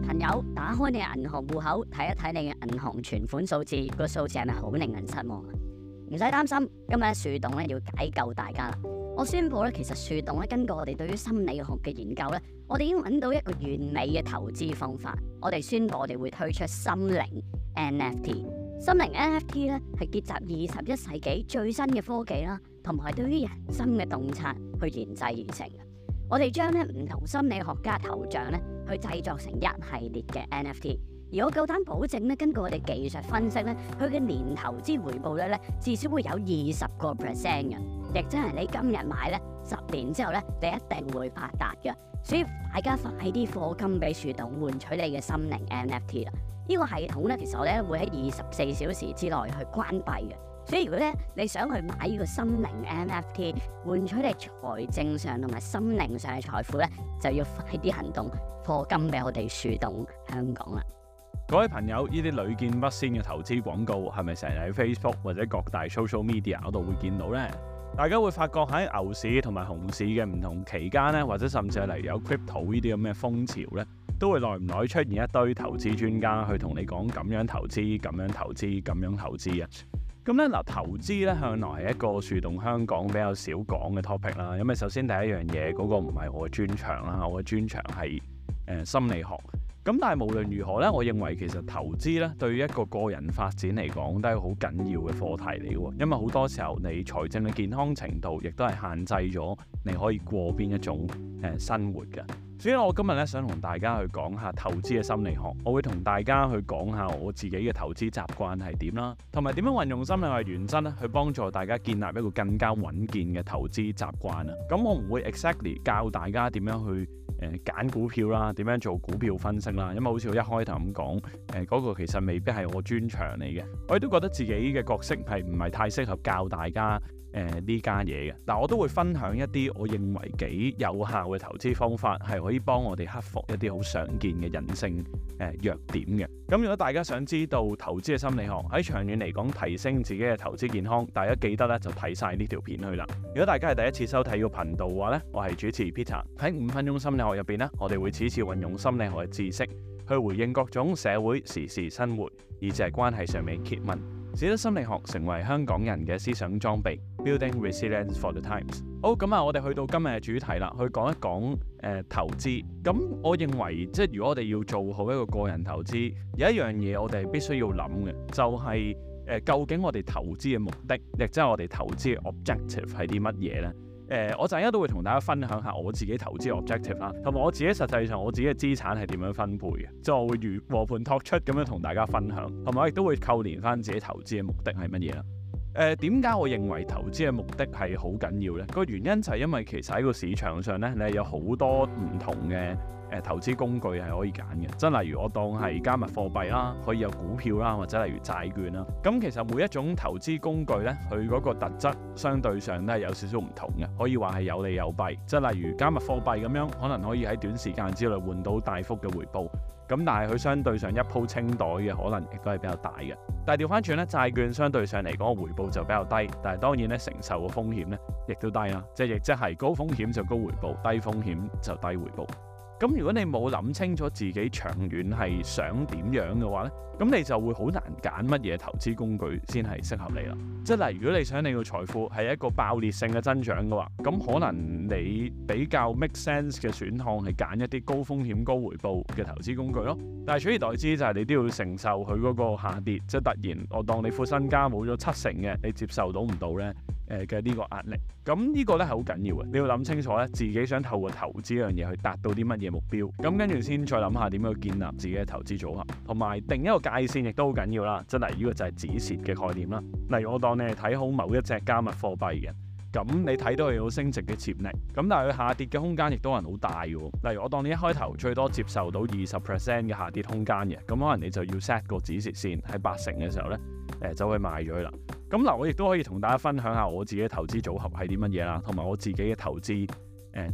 朋友，打開你嘅銀行戶口睇一睇你嘅銀行存款數字，個數字係咪好令人失望啊？唔使擔心，今日樹洞咧要解救大家啦！我宣布咧，其實樹洞咧，根據我哋對於心理學嘅研究咧，我哋已經揾到一個完美嘅投資方法。我哋宣布，我哋會推出心靈 NFT。心靈 NFT 咧係結集二十一世紀最新嘅科技啦，同埋係對於人心嘅洞察去研製而成。我哋將咧唔同心理學家頭像咧，去製作成一系列嘅 NFT。而我夠膽保證咧，根據我哋技術分析咧，佢嘅年投資回報率咧，至少會有二十個 percent 嘅。亦即係你今日買咧，十年之後咧，你一定會發達嘅。所以大家快啲課金俾樹洞換取你嘅心靈 NFT 啦！呢個系統咧，其實我哋咧會喺二十四小時之內去關閉嘅。所以如果咧，你想去買呢個心靈 NFT 換取你財政上同埋心靈上嘅財富咧，就要快啲行動課金俾我哋樹洞香港啦。各位朋友，呢啲屢見不鮮嘅投資廣告係咪成日喺 Facebook 或者各大 social media 嗰度會見到呢？大家會發覺喺牛市同埋熊市嘅唔同期間呢，或者甚至係嚟有 crypto 呢啲咁嘅風潮呢，都會耐唔耐出現一堆投資專家去同你講咁樣投資、咁樣投資、咁樣投資啊！咁咧嗱，投資咧向來係一個樹洞香港比較少講嘅 topic 啦。因為首先第一樣嘢，嗰、那個唔係我嘅專長啦，我嘅專長係誒、呃、心理學。咁但係無論如何咧，我認為其實投資咧對於一個個人發展嚟講都係好緊要嘅課題嚟嘅。因為好多時候你財政嘅健康程度，亦都係限制咗你可以過邊一種誒、呃、生活嘅。所以我今日咧想同大家去講下投資嘅心理學，我會同大家去講下我自己嘅投資習慣係點啦，同埋點樣運用心理學原則咧，去幫助大家建立一個更加穩健嘅投資習慣啊。咁我唔會 exactly 教大家點樣去誒揀、呃、股票啦，點樣做股票分析啦，因為好似我一開頭咁講，誒、呃、嗰、嗰個其實未必係我專長嚟嘅，我亦都覺得自己嘅角色係唔係太適合教大家。誒呢、呃、家嘢嘅，嗱我都會分享一啲我認為幾有效嘅投資方法，係可以幫我哋克服一啲好常見嘅人性誒、呃、弱點嘅。咁、嗯、如果大家想知道投資嘅心理學喺長遠嚟講提升自己嘅投資健康，大家記得咧就睇晒呢條片去啦。如果大家係第一次收睇個頻道嘅話呢，我係主持 Peter 喺五分鐘心理學入邊呢，我哋會次次運用心理學嘅知識去回應各種社會時事生活以至係關係上面嘅揭問。使得心理學成為香港人嘅思想裝備，Building resilience for the times。好，咁啊，我哋去到今日嘅主題啦，去講一講誒、呃、投資。咁我認為，即係如果我哋要做好一個個人投資，有一樣嘢我哋必須要諗嘅，就係、是、誒、呃、究竟我哋投資嘅目的，亦即係我哋投資嘅 objective 係啲乜嘢呢？誒、欸，我陣間都會同大家分享下我自己投資 objective 啦，同埋我自己實際上我自己嘅資產係點樣分配嘅，即係我會如和盤托出咁樣同大家分享，同埋我亦都會扣連翻自己投資嘅目的係乜嘢啦。誒點解我認為投資嘅目的係好緊要呢？個原因就係因為其實喺個市場上呢，你係有好多唔同嘅誒、呃、投資工具係可以揀嘅。即係例如我當係加密貨幣啦，可以有股票啦，或者例如債券啦。咁其實每一種投資工具呢，佢嗰個特質相對上都係有少少唔同嘅，可以話係有利有弊。即係例如加密貨幣咁樣，可能可以喺短時間之內換到大幅嘅回報。咁但係佢相對上一鋪清袋嘅可能亦都係比較大嘅，但係調翻轉咧，債券相對上嚟講回報就比較低，但係當然咧承受嘅風險咧亦都低啦，即係亦即係高風險就高回報，低風險就低回報。咁如果你冇諗清楚自己長遠係想點樣嘅話呢，咁你就會好難揀乜嘢投資工具先係適合你啦。即係如果你想你嘅財富係一個爆裂性嘅增長嘅話，咁可能你比較 make sense 嘅選項係揀一啲高風險高回報嘅投資工具咯。但係取而代之就係、是、你都要承受佢嗰個下跌，即係突然我當你副身家冇咗七成嘅，你接受到唔到呢？誒嘅呢個壓力，咁呢個咧係好緊要嘅，你要諗清楚咧，自己想透過投資呢樣嘢去達到啲乜嘢目標，咁跟住先再諗下點樣去建立自己嘅投資組合，同埋定一個界線亦都好緊要啦，真係呢個就係止蝕嘅概念啦。例如我當你係睇好某一隻加密貨幣嘅，咁你睇到佢有升值嘅潛力，咁但係佢下跌嘅空間亦都係好大嘅。例如我當你一開頭最多接受到二十 percent 嘅下跌空間嘅，咁可能你就要 set 個止蝕線喺八成嘅時候咧，誒走去賣咗佢啦。咁嗱，我亦都可以同大家分享下我自己嘅投資組合係啲乜嘢啦，同埋我自己嘅投資誒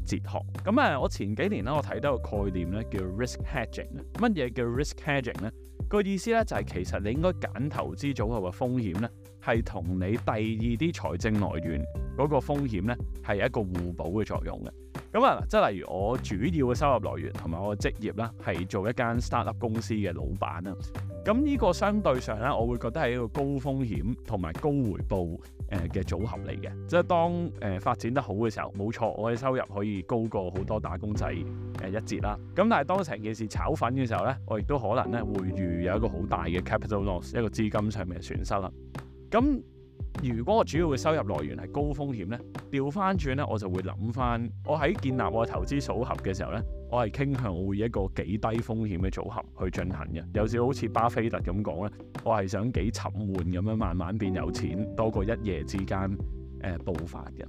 哲學。咁啊，我前幾年咧，我睇到個概念咧叫 risk hedging 咧。乜嘢叫 risk hedging 咧？個意思咧就係其實你應該揀投資組合嘅風險咧，係同你第二啲財政來源嗰個風險咧係有一個互補嘅作用嘅。咁啊，即係例如我主要嘅收入來源同埋我嘅職業啦，係做一間 startup 公司嘅老闆啦。咁呢個相對上咧，我會覺得係一個高風險同埋高回報誒嘅組合嚟嘅。即係當誒、呃、發展得好嘅時候，冇錯，我嘅收入可以高過好多打工仔誒、呃、一截啦。咁但係當成件事炒粉嘅時候咧，我亦都可能咧會遇有一個好大嘅 capital loss，一個資金上面嘅損失啦。咁如果我主要嘅收入來源係高風險呢，調翻轉呢，我就會諗翻，我喺建立我投資組合嘅時候呢，我係傾向會一個幾低風險嘅組合去進行嘅。有少好似巴菲特咁講呢，我係想幾沉悶咁樣慢慢變有錢，多過一夜之間誒暴發嘅。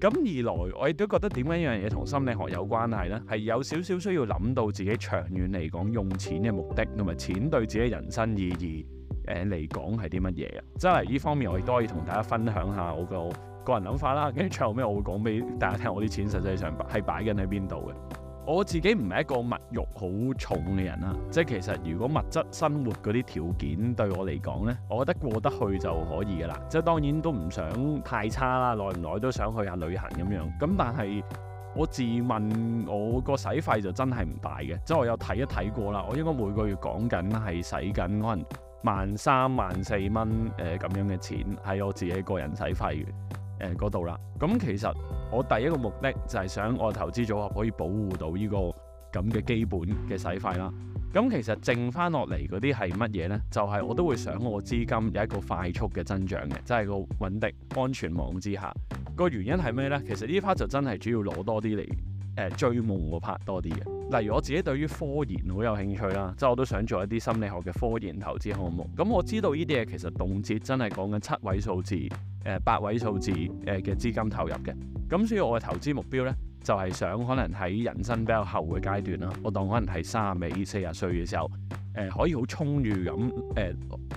咁、呃、二來，我亦都覺得點解一樣嘢同心理學有關係呢？係有少少需要諗到自己長遠嚟講用錢嘅目的，同埋錢對自己人生意義。誒嚟講係啲乜嘢嘅，即係呢方面我亦都可以同大家分享下我個個人諗法啦。跟住最後尾，我會講俾大，大家聽我啲錢實際上擺係擺緊喺邊度嘅。我自己唔係一個物欲好重嘅人啦，即係其實如果物質生活嗰啲條件對我嚟講呢，我覺得過得去就可以噶啦。即係當然都唔想太差啦，耐唔耐都想去下旅行咁樣。咁但係我自問我個使費就真係唔大嘅，即係我有睇一睇過啦。我應該每個月講緊係使緊可能。萬三萬四蚊誒咁樣嘅錢喺我自己個人使費嘅嗰度啦。咁、呃嗯、其實我第一個目的就係想我投資組合可以保護到呢個咁嘅基本嘅使費啦。咁、嗯、其實剩翻落嚟嗰啲係乜嘢呢？就係、是、我都會想我資金有一個快速嘅增長嘅，即、就、係、是、個穩定安全網之下。個原因係咩呢？其實呢 part 就真係主要攞多啲嚟誒追夢個 part 多啲嘅。例如我自己對於科研好有興趣啦，即係我都想做一啲心理學嘅科研投資項目。咁我知道呢啲嘢其實動輒真係講緊七位數字、誒、呃、八位數字誒嘅資金投入嘅。咁所以我嘅投資目標呢，就係、是、想可能喺人生比較後嘅階段啦，我當可能係卅幾、四十歲嘅時候，誒、呃、可以好充裕咁誒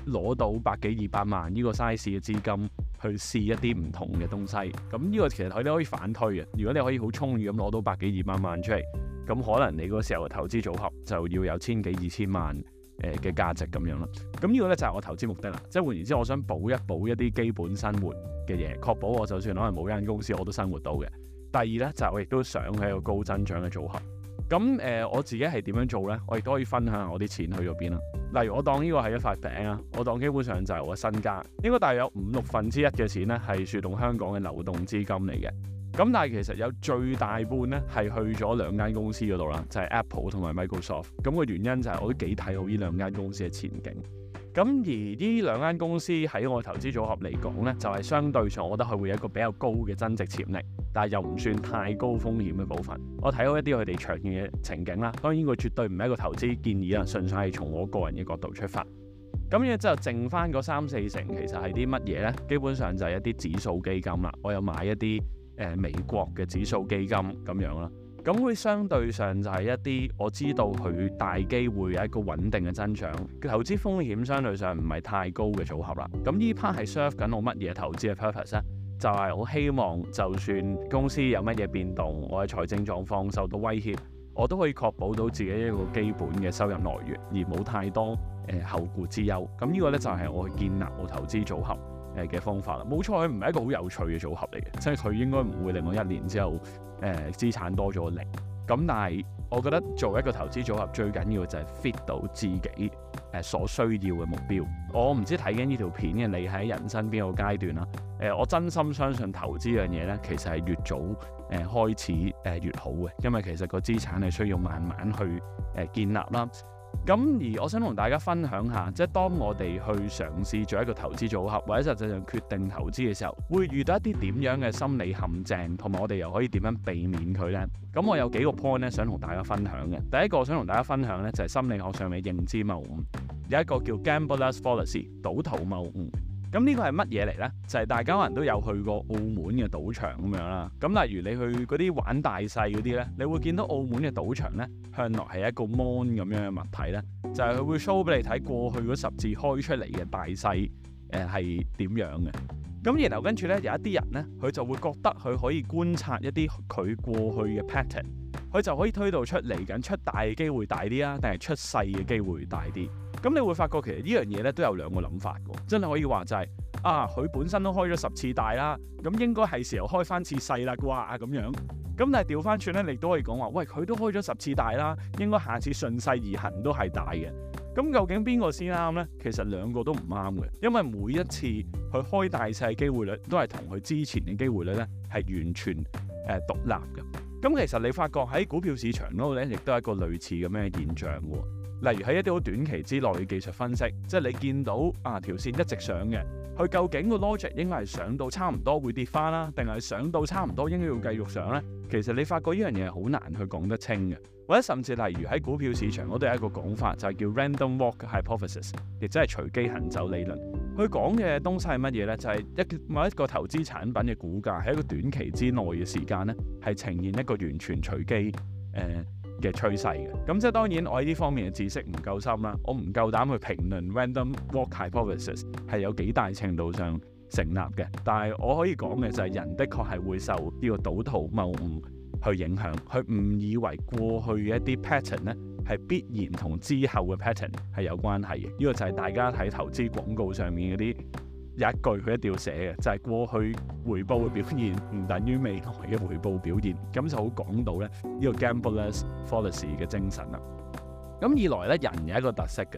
攞到百幾二百萬呢個 size 嘅資金去試一啲唔同嘅東西。咁呢個其實我哋可以反推嘅，如果你可以好充裕咁攞到百幾二百萬出嚟。咁可能你嗰時候嘅投資組合就要有千幾二千萬誒嘅、呃、價值咁樣咯。咁呢個呢，就係、是、我投資目的啦。即係換言之，我想補一補一啲基本生活嘅嘢，確保我就算可能冇間公司我都生活到嘅。第二呢，就係、我亦都想喺個高增長嘅組合。咁誒、呃、我自己係點樣做呢？我亦都可以分享下我啲錢去咗邊啦。例如我當呢個係一塊餅啊，我當基本上就係我身家應該大約有五六分之一嘅錢呢，係樹洞香港嘅流動資金嚟嘅。咁但係其實有最大半咧，係去咗兩間公司嗰度啦，就係、是、Apple 同埋 Microsoft。咁個原因就係我都幾睇好呢兩間公司嘅前景。咁而呢兩間公司喺我投資組合嚟講咧，就係、是、相對上我覺得佢會有一個比較高嘅增值潛力，但係又唔算太高風險嘅部分。我睇好一啲佢哋長遠嘅情景啦。當然，佢絕對唔係一個投資建議啦，純粹係從我個人嘅角度出發。咁嘅之後，剩翻嗰三四成其實係啲乜嘢咧？基本上就係一啲指數基金啦。我有買一啲。誒、呃、美國嘅指數基金咁樣啦，咁佢相對上就係一啲我知道佢大機會有一個穩定嘅增長，投資風險相對上唔係太高嘅組合啦。咁呢 part 係 serve 緊我乜嘢投資嘅 purpose 呢？就係、是、我希望就算公司有乜嘢變動，我嘅財政狀況受到威脅，我都可以確保到自己一個基本嘅收入來源，而冇太多誒、呃、後顧之憂。咁呢個呢，就係、是、我去建立我投資組合誒嘅方法啦，冇錯，佢唔係一個好有趣嘅組合嚟嘅，即係佢應該唔會令我一年之後誒、呃、資產多咗零。咁但係我覺得做一個投資組合最緊要就係 fit 到自己誒、呃、所需要嘅目標。我唔知睇緊呢條片嘅你喺人生邊個階段啦、啊。誒、呃，我真心相信投資樣嘢咧，其實係越早誒、呃、開始誒、呃、越好嘅，因為其實個資產係需要慢慢去誒、呃、建立啦。咁而我想同大家分享下，即係當我哋去嘗試做一個投資組合，或者實際上決定投資嘅時候，會遇到一啲點樣嘅心理陷阱，同埋我哋又可以點樣避免佢呢？咁我有幾個 point 咧，想同大家分享嘅。第一個想同大家分享呢，就係心理學上面認知謬誤，有一個叫 gambler's fallacy 賭徒謬誤。咁呢個係乜嘢嚟呢？就係、是、大家可能都有去過澳門嘅賭場咁樣啦。咁例如你去嗰啲玩大細嗰啲呢，你會見到澳門嘅賭場呢，向來係一個 mon 咁樣嘅物體呢，就係、是、佢會 show 俾你睇過去嗰十字開出嚟嘅大細誒係點樣嘅。咁然後跟住呢，有一啲人呢，佢就會覺得佢可以觀察一啲佢過去嘅 pattern，佢就可以推導出嚟緊出大嘅機會大啲啊，定係出細嘅機會大啲。咁你會發覺其實呢樣嘢咧都有兩個諗法嘅，真係可以話就係、係、啊，佢本身都開咗十次大啦，咁應該係時候開翻次細啦啩咁樣。咁但係調翻轉咧，你都可以講話，喂，佢都開咗十次大啦，應該下次順勢而行都係大嘅。咁究竟邊個先啱咧？其實兩個都唔啱嘅，因為每一次佢開大細嘅機會率都係同佢之前嘅機會率咧係完全誒、呃、獨立嘅。咁其實你發覺喺股票市場嗰度咧，亦都係一個類似咁嘅現象喎。例如喺一啲好短期之內嘅技術分析，即係你見到啊條線一直上嘅，佢究竟個 logic 應該係上到差唔多會跌翻啦，定係上到差唔多應該要繼續上呢？其實你發覺依樣嘢好難去講得清嘅，或者甚至例如喺股票市場，我哋有一個講法就係、是、叫 random walk hypothesis，亦即係隨機行走理論。佢講嘅東西係乜嘢呢？就係、是、一某一個投資產品嘅股價喺一個短期之內嘅時間呢，係呈現一個完全隨機、呃嘅趨勢嘅，咁即係當然我喺呢方面嘅知識唔夠深啦，我唔夠膽去評論 random walk hypothesis 係有幾大程度上成立嘅。但係我可以講嘅就係人，的確係會受呢個賭徒謬誤去影響，佢誤以為過去嘅一啲 pattern 呢係必然同之後嘅 pattern 係有關係嘅。呢、這個就係大家喺投資廣告上面嗰啲。有一句佢一定要寫嘅，就係、是、過去回報嘅表現唔等於未來嘅回報表現，咁就好講到咧呢個 gambler's fallacy 嘅精神啦。咁二來咧，人有一個特色嘅，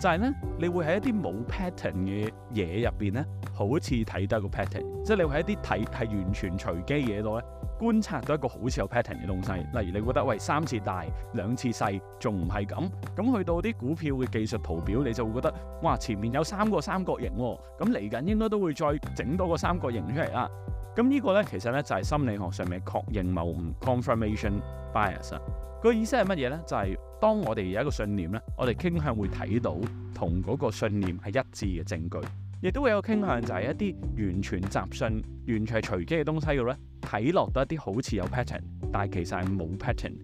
就係、是、咧你會喺一啲冇 pattern 嘅嘢入邊咧，好似睇得個 pattern，即係你會喺一啲睇係完全隨機嘢度咧，觀察到一個好似有 pattern 嘅東西，例如你覺得喂，三次大兩次細，仲唔係咁咁？去到啲股票嘅技術圖表，你就會覺得哇，前面有三個三角形喎，咁嚟緊應該都會再整多個三角形出嚟啦。咁呢個呢，其實呢，就係心理學上面嘅確認謬誤 （confirmation bias）。個意思係乜嘢呢？就係當我哋有一個信念呢，我哋傾向會睇到同嗰個信念係一致嘅證據，亦都會有傾向就係一啲完全雜訊、完全係隨機嘅東西嘅呢。睇落都一啲好似有 pattern，但係其實係冇 pattern，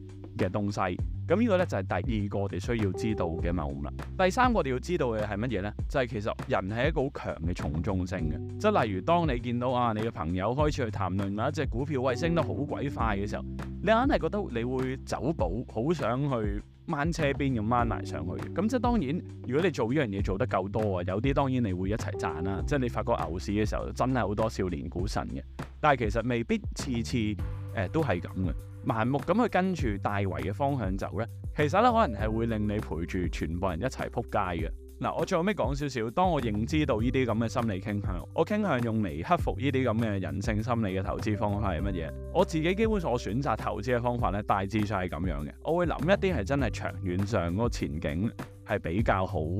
嘅東西，咁呢個呢，就係第二個我哋需要知道嘅謬誤。第三個，我哋要知道嘅係乜嘢呢？就係、是、其實人係一個好強嘅從眾性嘅，即係例如當你見到啊你嘅朋友開始去談論啊一隻股票會升得好鬼快嘅時候，你硬係覺得你會走寶，好想去掹車邊咁掹埋上去咁，即係當然，如果你做呢樣嘢做得夠多啊，有啲當然你會一齊賺啦。即係你發覺牛市嘅時候，真係好多少年股神嘅，但係其實未必次次誒都係咁嘅。盲目咁去跟住大圍嘅方向走呢，其實呢，可能係會令你陪住全部人一齊撲街嘅。嗱、啊，我最後尾講少少，當我認知到呢啲咁嘅心理傾向，我傾向用嚟克服呢啲咁嘅人性心理嘅投資方法係乜嘢？我自己基本上我選擇投資嘅方法呢，大致上係咁樣嘅。我會諗一啲係真係長遠上嗰個前景係比較好誒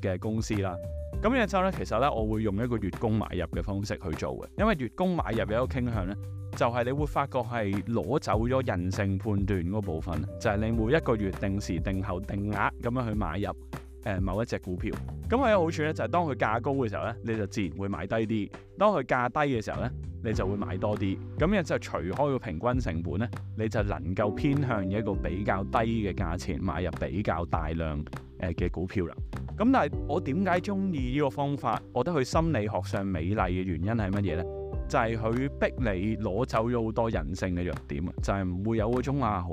嘅公司啦。咁之後呢，其實呢，我會用一個月供買入嘅方式去做嘅，因為月供買入有一個傾向呢。就係你會發覺係攞走咗人性判斷嗰部分，就係你每一個月定時定候定額咁樣去買入誒某一隻股票。咁佢有好處咧，就係、是、當佢價高嘅時候咧，你就自然會買低啲；當佢價低嘅時候咧，你就會買多啲。咁樣就除開個平均成本咧，你就能夠偏向一個比較低嘅價錢買入比較大量誒嘅股票啦。咁但係我點解中意呢個方法？我覺得佢心理學上美麗嘅原因係乜嘢呢？就係佢逼你攞走咗好多人性嘅弱點啊！就係唔會有嗰種啊，好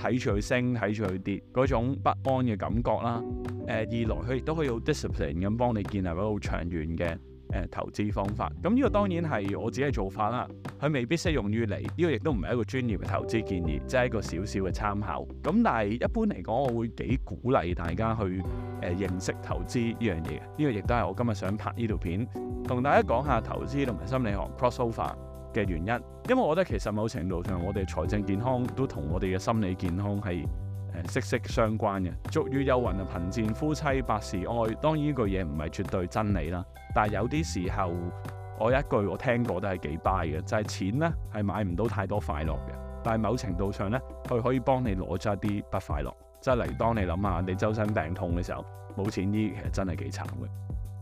睇住佢升，睇住佢跌嗰種不安嘅感覺啦。誒，二來佢亦都可以好 discipline 咁幫你建立一個好長遠嘅。誒，投資方法，咁呢個當然係我自己嘅做法啦，佢未必適用於你，呢個亦都唔係一個專業嘅投資建議，即係一個少少嘅參考。咁但係一般嚟講，我會幾鼓勵大家去誒、呃、認識投資呢樣嘢。呢個亦都係我今日想拍呢條片同大家講下投資同埋心理學 cross over 嘅原因，因為我覺得其實某程度上，我哋財政健康都同我哋嘅心理健康係。息息相關嘅，俗語有云啊，貧賤夫妻百事哀。當然呢句嘢唔係絕對真理啦，但係有啲時候，我一句我聽過都係幾 buy 嘅，就係、是、錢呢係買唔到太多快樂嘅。但係某程度上呢，佢可以幫你攞出一啲不快樂，即係嚟當你諗下，你周身病痛嘅時候冇錢醫，其實真係幾慘嘅。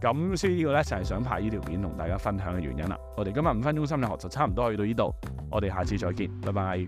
咁所以個呢個咧就係、是、想拍呢條片同大家分享嘅原因啦。我哋今日五分鐘心理學就差唔多去到呢度，我哋下次再見，拜拜。